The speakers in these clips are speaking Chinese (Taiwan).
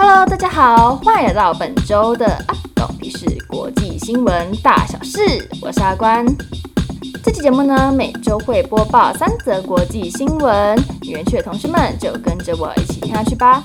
Hello，大家好，歡迎來到本周的阿狗提示國際新聞大小事，我是阿關。這期節目呢，每周會播報三則國際新聞，園區的同事們就跟着我一起聽下去吧。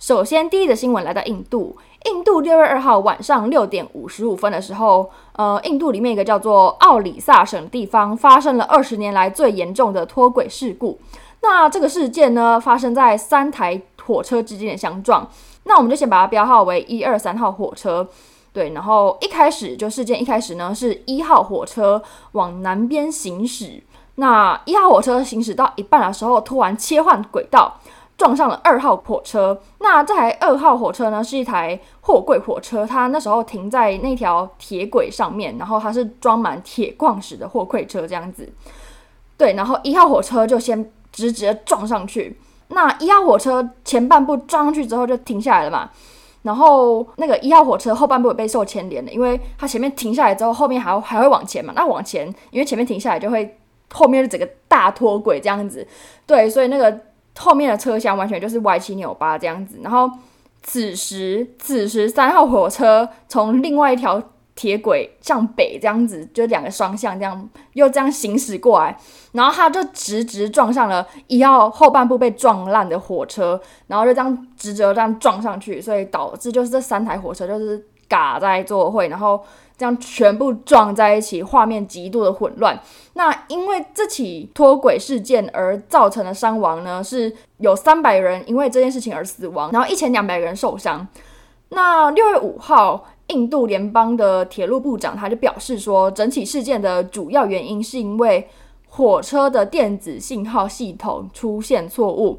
首先，第一則新聞來到印度，印度六月二號晚上六點五十五分的時候，呃，印度裡面一個叫做奧里薩省的地方發生了二十年來最嚴重的脫軌事故。那這個事件呢，發生在三台火車之間的相撞，那我們就先把它標號為一二三號火車，對，然後一開始就事件一開始呢是一號火車往南邊行駛，那一號火車行駛到一半的時候突然切換軌道，撞上了二號火車。那這台二號火車呢是一台貨櫃火車，它那時候停在那條鐵軌上面，然後它是裝滿鐵礦石的貨櫃車這樣子，對，然後一號火車就先直直的撞上去。1> 那一號火車前半部撞上去之後就停下來了嘛，然後那個一號火車後半部也被受牽連了，因為它前面停下來之後，後面還還會往前嘛。那往前，因為前面停下來就會，後面是整個大脫軌這樣子。對，所以那個後面的車廂完全就是歪七扭八這樣子。然後此時此時三號火車從另外一條。鐵軌向北這樣子，就兩個雙向這樣，又這樣行駛過來，然後他就直直撞上了一號後半部被撞爛的火車，然後就這樣直直這樣撞上去，所以導致就是這三台火車就是嘎在做伙，然後這樣全部撞在一起，畫面極度的混亂。那因為這起脫軌事件而造成的傷亡呢，是有三百人因為這件事情而死亡，然後一千兩百個人受傷。那六月五號。印度聯邦的鐵路部長他就表示說，整起事件的主要原因是因為火車的電子信號系統出現錯誤，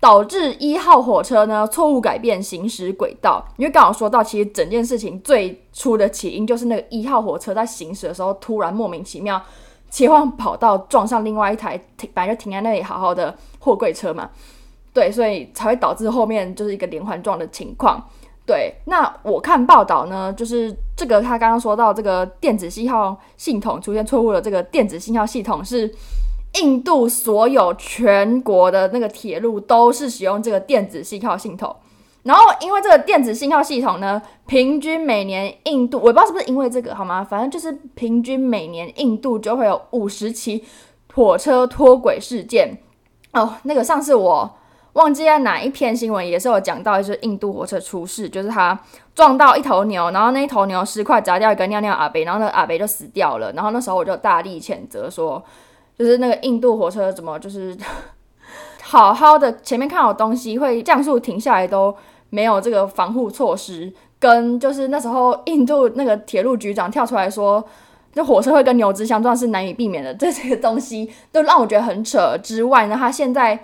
導致一號火車呢錯誤改變行駛軌道。因為剛好說到，其實整件事情最初的起因就是那個一號火車在行駛的時候突然莫名其妙切換跑道，撞上另外一台停，本來就停在那裡好好的貨櫃車嘛，對，所以才會導致後面就是一個連環撞的情況。對，那我看報道呢，就是這個他剛剛說到這個電子信號系統出現錯誤了，這個電子信號系統是印度所有全國的那個鐵路都是使用這個電子信號系統，然後因為這個電子信號系統呢，平均每年印度，我不知道是不是因為這個好嗎？反正就是平均每年印度就會有五十起火車脫軌事件哦，那個上次我。忘記在哪一篇新聞也是有講到，就是印度火車出事，就是他撞到一頭牛，然後那一頭牛屍塊砸掉一個尿尿阿伯，然後那個阿伯就死掉了。然後那時候我就大力譴責說，就是那個印度火車怎麼就是好好的前面看好東西會降速停下來都沒有這個防護措施，跟就是那時候印度那個鐵路局長跳出來說，這火車會跟牛只相撞是難以避免的，這些東西都讓我覺得很扯。之外呢，他現在。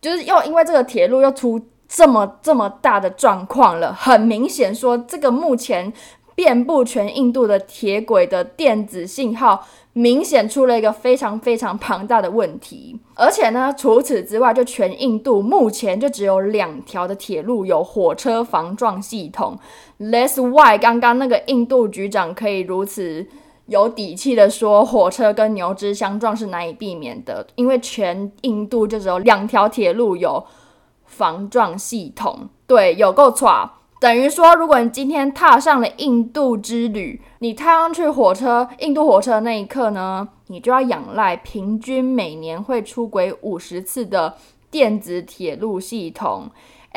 就是又因為這個鐵路又出這麼這麼大的狀況了，很明顯說，這個目前遍布全印度的鐵軌的電子信號明顯出了一個非常非常龐大的問題。而且呢，除此之外，就全印度目前就只有兩條的鐵路有火車防撞系統。That's why, 剛剛那個印度局長可以如此。有底氣的說，火車跟牛隻相撞是難以避免的，因為全印度就只有兩條鐵路有防撞系統，對，有夠扯。等於說，如果你今天踏上了印度之旅，你踏上去火車，印度火車那一刻呢，你就要仰賴平均每年會出軌五十次的電子鐵路系統。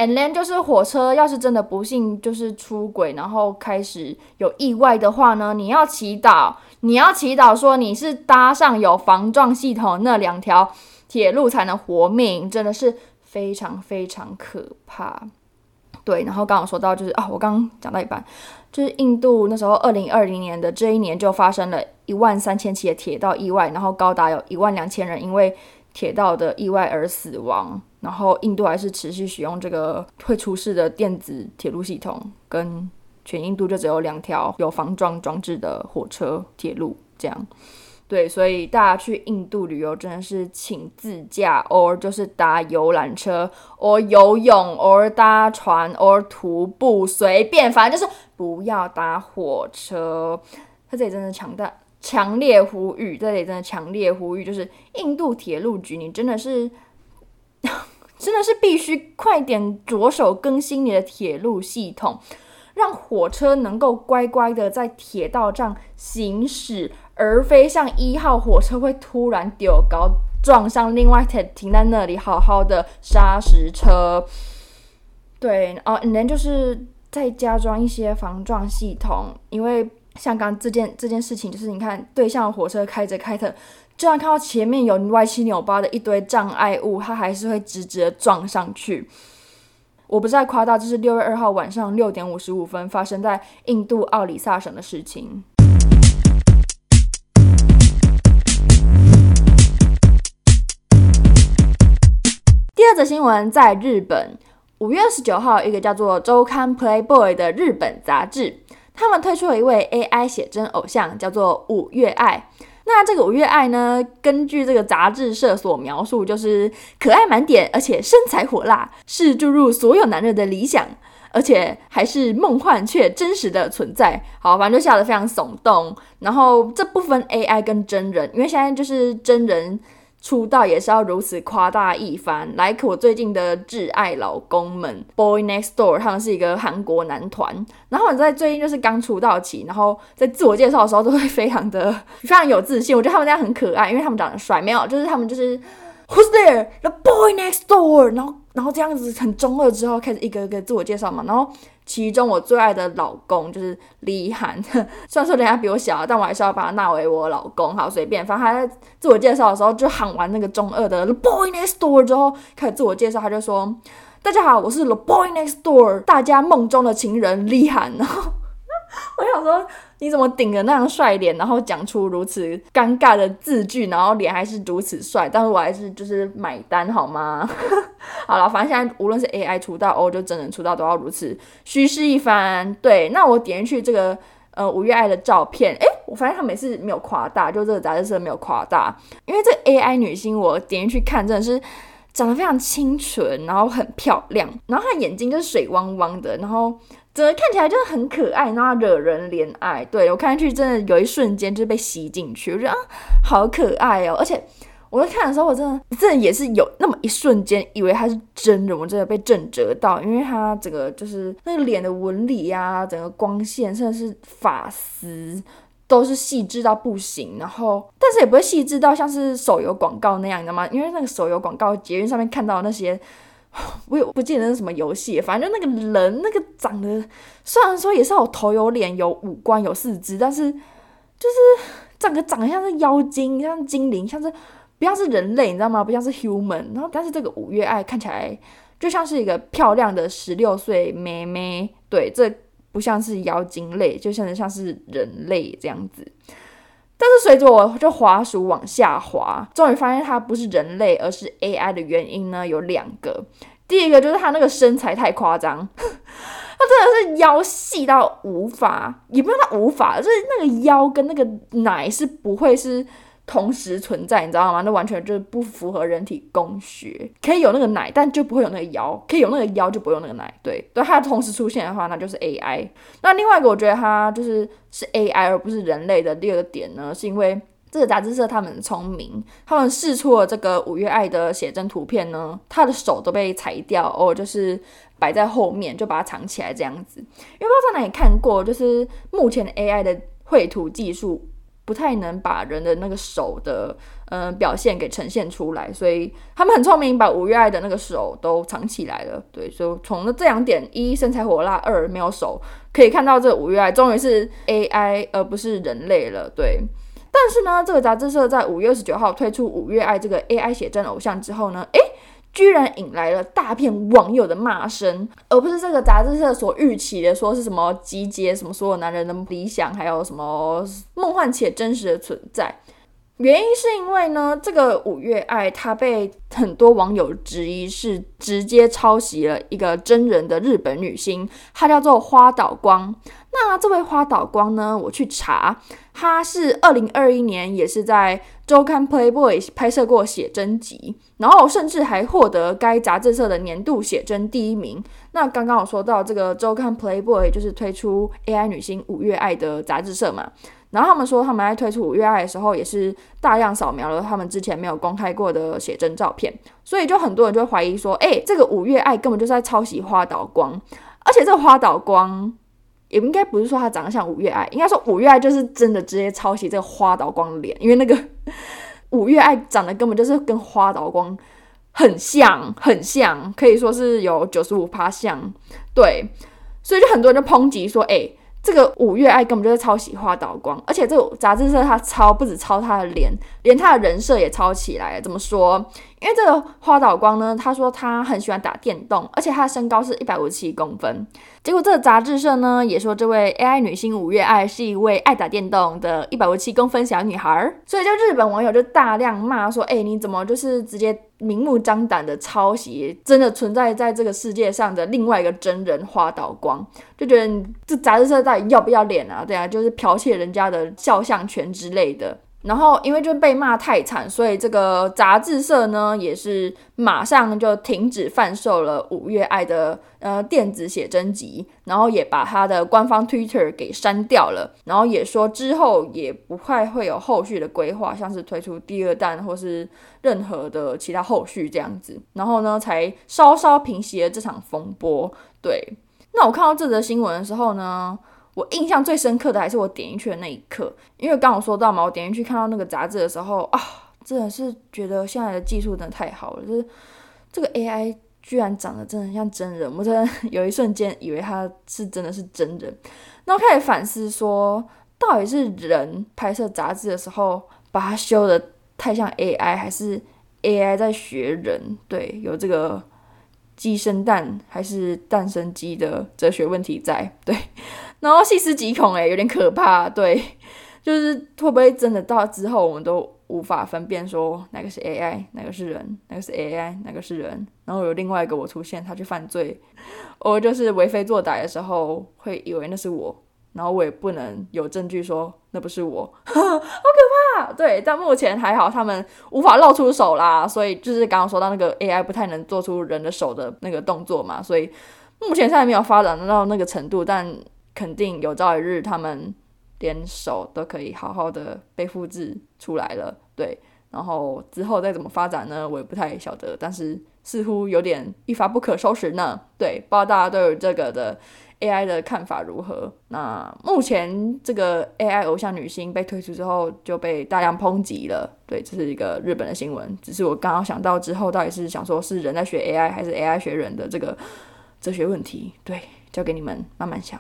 And then 就是火車，要是真的不幸就是出軌，然後開始有意外的話呢，你要祈禱，你要祈禱說你是搭上有防撞系統那兩條鐵路才能活命，真的是非常非常可怕。對，然後剛剛說到就是啊，我剛剛講到一半，就是印度那時候二零二零年的這一年就發生了一萬三千起的鐵道意外，然後高達有一萬兩千人，因為，鐵道的意外而死亡，然後印度還是持續使用這個會出事的電子鐵路系統，跟全印度就只有兩條有防撞裝、裝置的火車鐵路，這樣。對，所以大家去印度旅遊真的是請自駕，or 就是搭遊覽車，or 游泳，or 搭船，or 徒步，隨便，反正就是不要搭火車。它這裡真的強大，強烈呼籲，這裡真的強烈呼籲，就是印度鐵路局，你真的是， 真的是必須快點着手更新你的鐵路系統，讓火車能夠乖乖的在鐵道上行駛，而非像一號火車會突然丟高撞上另外停停在那裡好好的砂石車。對，然後可能就是再加裝一些防撞系統，因為。像剛，剛這件這件事情，就是你看，對向火車開着開著，就算看到前面有歪七扭八的一堆障礙物，它還是會直直的撞上去。我不再誇大，這是六月二號晚上六點五十五分發生在印度奧里薩省的事情。第二則新聞在日本，五月二十九號，一個叫做週刊 Playboy 的日本雜誌。他們推出了一位 AI 寫真偶像，叫做五月愛。那這個五月愛呢？根據這個雜誌社所描述，就是可愛滿點，而且身材火辣，是注入所有男人的理想，而且還是夢幻卻真實的存在。好，反正就笑得非常聳動。然後這部分 AI 跟真人，因為現在就是真人。出道也是要如此誇大一番，來、like，我最近的摯愛老公們，Boy Next Door，他們是一個韓國男團，然後我在最近就是剛出道期，然後在自我介紹的時候都會非常的非常有自信，我覺得他們這樣很可愛，因為他們長得帥，沒有，就是他們就是 Who's there? The boy next door? 然後，然後這樣子很中二，之後開始一個一個自我介紹嘛。然後其中我最愛的老公就是李韓，雖然說人家比我小，但我還是要把他納為我老公，好隨便。反正他在自我介紹的時候，就喊完那個中二的 The Boy Next Door 之後，開始自我介紹，他就說：“大家好，我是 The Boy Next Door，大家夢中的情人李韓。” 我想說，你怎麼頂着那樣帥臉，然後講出如此尷尬的字句，然後臉還是如此帥，但是我還是就是買單，好嗎？ 好了，反正現在無論是 AI 出道，哦，就真人出道，都要如此虛飾一番。對，那我點進去這個呃五月愛的照片，哎、欸，我發現他每次沒有誇大，就這個雜誌社沒有誇大，因為這個 AI 女星，我點進去看，真的是。長得非常清純，然後很漂亮，然後她眼睛就是水汪汪的，然後整個看起來就是很可愛，然後惹人憐愛。對，我看上去真的有一瞬間就是被吸進去，我覺得啊好可愛哦！而且我在看的時候，我真的真的也是有那麼一瞬間以為她是真人，我真的被震折到，因為她整個就是那個臉的紋理啊，整個光線甚至是髮絲。都是細緻到不行，然後但是也不會細緻到像是手遊廣告那樣，你知道嗎？因為那個手遊廣告捷運上面看到那些，我也不記得是什麼遊戲，反正就那個人那個長得雖然說也是有頭有臉有五官有四肢，但是就是長得長得像是妖精，像精靈，像是不像是人類，你知道嗎？不像是 human。然後但是這個五月愛看起來就像是一個漂亮的十六歲妹妹，對這。不像是妖精類，就像是像是人類這樣子。但是隨着我就滑鼠往下滑，終於發現它不是人類，而是 AI 的原因呢？有兩個。第一個就是它那個身材太誇張，它 真的是腰細到無法，也不用它無法，就是那個腰跟那個奶是不會是，同時存在，你知道嗎？那完全就是不符合人體工學。可以有那個奶，但就不會有那個腰；可以有那個腰，就不用那個奶。對對，它同時出現的話，那就是 AI。那另外一個，我覺得它就是是 AI 而不是人類的第二個點呢，是因為這個雜誌社他們聰明，他們釋出了這個五月愛的寫真圖片呢，他的手都被裁掉哦，就是擺在後面，就把它藏起來這樣子。因為不知道在哪裡看過，就是目前 AI 的繪圖技術。不太能把人的那個手的，嗯、呃，表現給呈現出來，所以他們很聰明，把五月愛的那個手都藏起來了。對，所以從這兩點，一身材火辣，二沒有手，可以看到這五月愛終於是 AI 而不是人類了。對，但是呢，這個雜誌社在五月二十九號推出五月愛這個 AI 寫真偶像之後呢，誒居然引來了大片網友的罵聲，而不是這個雜誌社所預期的，說是什麼集結什麼所有男人的理想，還有什麼夢幻且真實的存在。原因是因為呢，這個五月愛她被很多網友質疑是直接抄襲了一個真人的日本女星，她叫做花島光。那這位花島光呢，我去查，她是二零二一年也是在周刊 Playboy 拍攝過寫真集，然後甚至還獲得該雜誌社的年度寫真第一名。那剛剛我說到這個周刊 Playboy 就是推出 AI 女星五月愛的雜誌社嘛。然後他們說，他們在推出五月愛的時候，也是大量掃描了他們之前沒有公開過的寫真照片，所以就很多人就懷疑說，誒、欸，這個五月愛根本就是在抄襲花島光，而且這個花島光，也應該不是說他長得像五月愛，應該說五月愛就是真的直接抄襲這個花島光的臉，因為那個五月愛長得根本就是跟花島光很像，很像，可以說是有九十五趴像，對，所以就很多人就抨擊說，誒、欸。這個五月愛根本就是抄襲花島光，而且這雜誌社他抄不止抄他的臉，連他的人設也抄起來了。怎麼說？因為這個花島光呢，他說他很喜歡打電動，而且他的身高是一百五十七公分。結果這個雜誌社呢也說，這位 AI 女星五月愛是一位愛打電動的一百五十七公分小女孩。所以就日本網友就大量罵說，哎、欸，你怎麼就是直接明目張膽的抄襲，真的存在在這個世界上的另外一個真人花島光，就覺得你這雜誌社到底要不要臉啊？對啊，就是剽竊人家的肖像權之類的。然後，因為就被罵太慘，所以這個雜誌社呢，也是馬上就停止販售了五月愛的呃電子寫真集，然後也把他的官方 Twitter 給刪掉了，然後也說之後也不太會有後續的規劃，像是推出第二彈或是任何的其他後續這樣子，然後呢，才稍稍平息了這場風波。對，那我看到這則新聞的時候呢，我印象最深刻的還是我點進去的那一刻，因為剛我說到嘛，我點進去看到那個雜誌的時候啊，真的是覺得現在的技術真的太好了，就是這個 AI 居然長得真的像真人，我真的有一瞬間以為他是真的是真人。那我開始反思說，到底是人拍攝雜誌的時候把它修的太像 AI，還是 AI 在學人？對，有這個雞生蛋還是蛋生雞的哲學問題在，對。然後細思極恐欸，有點可怕。對，就是會不會真的到之後，我們都無法分辨說哪個是 AI，哪個是人，哪個是 AI，哪個是人。然後有另外一個我出現，他去犯罪，我就是為非作歹的時候，會以為那是我。然後我也不能有證據說那不是我， 好可怕。對，但目前還好，他們無法露出手啦。所以就是剛剛說到那個 AI 不太能做出人的手的那個動作嘛，所以目前現在沒有發展到那個程度，但。肯定有朝一日，他們連手都可以好好的被複製出來了，對。然後之後再怎麼發展呢？我也不太曉得。但是似乎有點一發不可收拾呢。對，不知道大家對於這個的 AI 的看法如何？那目前這個 AI 偶像女星被推出之後就被大量抨擊了，對，這是一個日本的新聞。只是我剛剛想到之後，到底是想說，是人在學 AI，還是 AI 學人的這個哲學問題？對，交給你們慢慢想。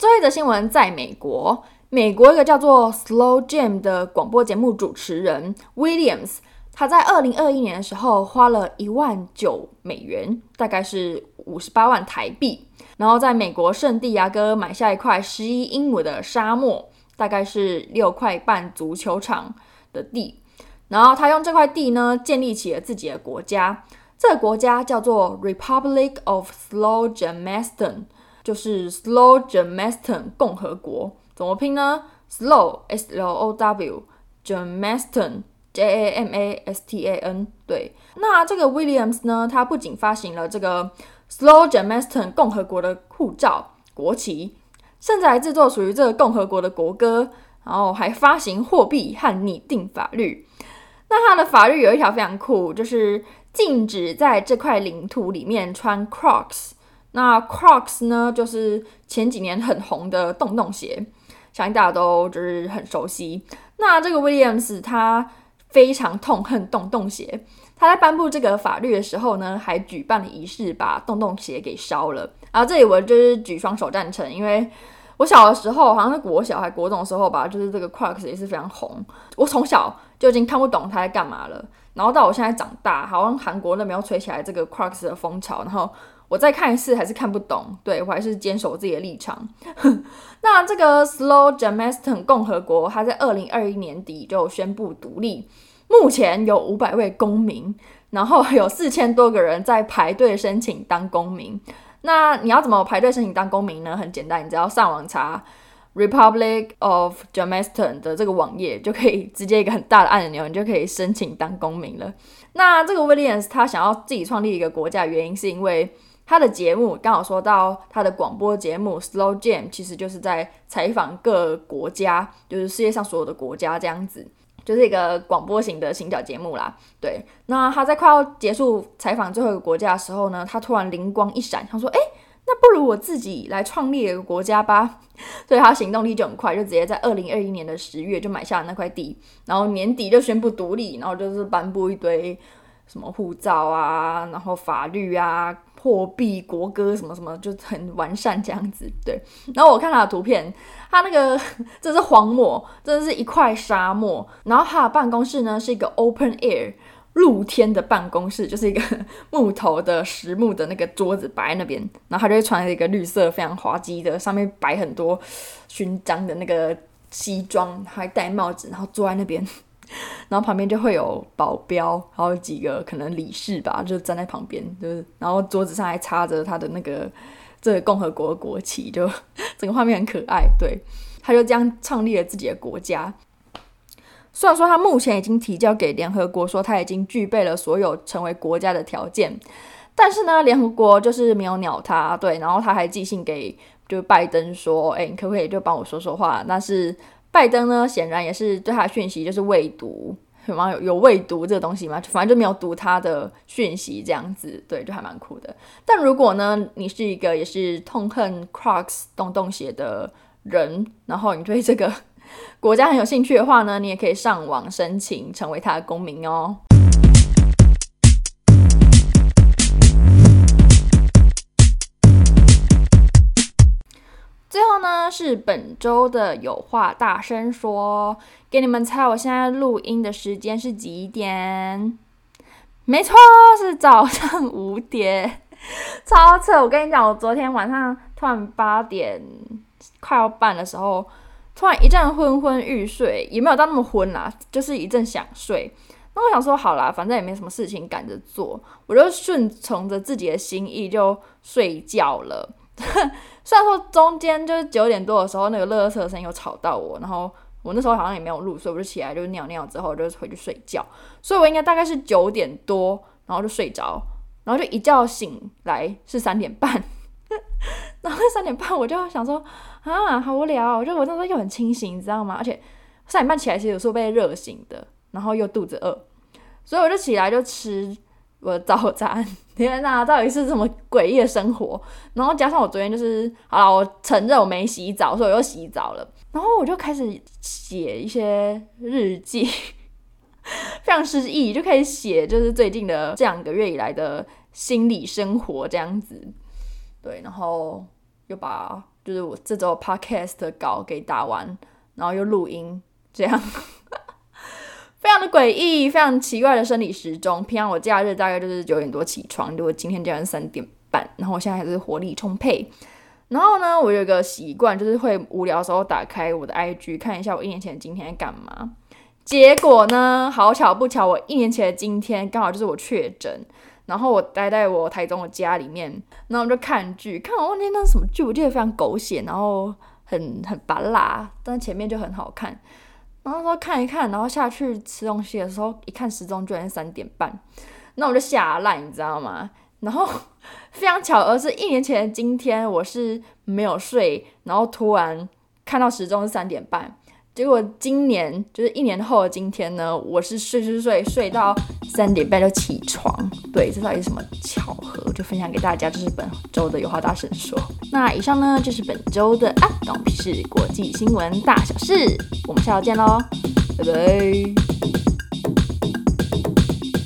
最後一則新聞在美國。美國一個叫做 Slow Jam 的廣播節目主持人 Williams，他在二零二一年的時候花了一萬九美元，大概是五十八萬台幣，然後在美國聖地亞哥買下一塊十一英畝的沙漠，大概是六塊半足球場的地。然後他用這塊地呢，建立起了自己的國家。這個國家叫做 Republic of Slow Jamistan 就是 Slow Jamastan 共和國怎麼拼呢？Slow S L O W Jamastan J A M A S T A N 對。那這個 Williams 呢？他不僅發行了這個 Slow Jamastan 共和國的護照、國旗，甚至還制作屬於這個共和國的國歌，然後還發行貨幣和擬定法律。那他的法律有一條非常酷，就是禁止在這塊領土裡面穿 Crocs。那 Crocs 呢，就是前幾年很紅的洞洞鞋，相信大家都就是很熟悉。那這個 Williams 他非常痛恨洞洞鞋，他在頒布這個法律的時候呢，還舉辦了儀式，把洞洞鞋給燒了。然後這裡我就是舉雙手贊成，因為我小的時候，好像是國小還國中的時候吧，就是這個 Crocs 也是非常紅。我從小就已經看不懂他在幹嘛了。然後到我現在長大，好像韓國那邊又吹起來這個 Crocs 的風潮，然後。我再看一次還是看不懂，對，我還是堅守自己的立場。 那這個 Slow Jamastan 共和國，它在二零二一年底就宣布獨立，目前有五百位公民，然後有四千多個人在排隊申請當公民。那你要怎麼排隊申請當公民呢？很簡單，你只要上網查 Republic of Jamastan 的這個網頁，就可以直接一個很大的按鈕，你就可以申請當公民了。那這個 Williams 他想要自己創立一個國家，原因是因為。他的節目剛好說到他的廣播節目《Slow Jam》，其實就是在採訪各國家，就是世界上所有的國家這樣子，就是一個廣播型的行腳節目啦。對，那他在快要結束採訪最後一個國家的時候呢，他突然靈光一閃，他說：“哎、欸，那不如我自己來創立一個國家吧。”所以他行動力就很快，就直接在二零二一年的十月就買下了那塊地，然後年底就宣布獨立，然後就是頒布一堆什麼護照啊，然後法律啊。貨幣國歌什麼什麼就很完善這樣子，對。然後我看他的圖片，他那個這是荒漠，這是一塊沙漠。然後他的辦公室呢是一個 open air 露天的辦公室，就是一個木頭的實木的那個桌子擺在那邊。然後他就會穿了一個綠色非常滑稽的，上面擺很多勳章的那個西裝，還戴帽子，然後坐在那邊。然後旁邊就會有保鏢，還有幾個可能理事吧，就站在旁邊，就是然後桌子上還插着他的那個這個共和國的國旗，就整個畫面很可愛。對，他就這樣創立了自己的國家。雖然說他目前已經提交給聯合國，說他已經具備了所有成為國家的條件，但是呢，聯合國就是沒有鳥他。對，然後他還寄信給就拜登說：“哎，你可不可以就幫我說說話？”那是。拜登呢，顯然也是對他的訊息就是未讀，有有有未讀這個東西嗎？反正就沒有讀他的訊息這樣子，對，就還蠻酷的。但如果呢，你是一個也是痛恨 Crocs 洞洞鞋的人，然後你對這個國家很有興趣的話呢，你也可以上網申請成為他的公民哦。最後呢，是本周的有話大聲說，給你們猜，我現在錄音的時間是幾點？沒錯，是早上五點，超扯！我跟你講，我昨天晚上突然八點快要半的時候，突然一陣昏昏欲睡，也沒有到那麼昏啦、啊，就是一陣想睡。那我想說，好啦，反正也沒什麼事情趕着做，我就順從着自己的心意就睡覺了。 雖然說中間就是九點多的時候，那個垃圾車的聲音又吵到我，然後我那時候好像也沒有錄，所以我就起來就尿尿，之後就回去睡覺。所以，我應該大概是九點多，然後就睡着，然後就一覺醒來是三點半。 然後三點半我就想說啊，好無聊，我就我那時候又很清醒，你知道嗎？而且三點半起來其實有時候被熱醒的，然後又肚子餓，所以我就起來就吃。我的早餐，天哪，到底是什麼詭異的生活？然後加上我昨天就是，好了，我承認我沒洗澡，所以我又洗澡了。然後我就開始寫一些日記，非常失意，就開始寫就是最近的這兩個月以來的心理生活這樣子。對，然後又把就是我這周 podcast 稿給打完，然後又錄音這樣。非常的詭異，非常奇怪的生理時鐘。平常我假日大概就是九點多起床，結果今天竟然三點半，然後我現在還是活力充沛。然後呢，我有一個習慣，就是會無聊的時候打開我的 IG，看一下我一年前的今天在幹嘛。結果呢，好巧不巧，我一年前的今天剛好就是我確診，然後我待在我台中的家裡面，然後就看劇，看我忘記那是什麼劇，我記得非常狗血，然後很很芭樂，但前面就很好看。然後說看一看，然後下去吃東西的時候，一看時鐘居然三點半，那我就嚇爛，你知道嗎？然後非常巧合是，一年前的今天我是沒有睡，然後突然看到時鐘是三點半。結果今年就是一年後的今天呢，我是睡是睡睡睡到三點半就起床。對，這到底是什麼巧合？就分享給大家，這是本周的油畫大神說。那以上呢就是本周的阿懂屁事國際新聞大小事，我們下周見嘍，拜拜。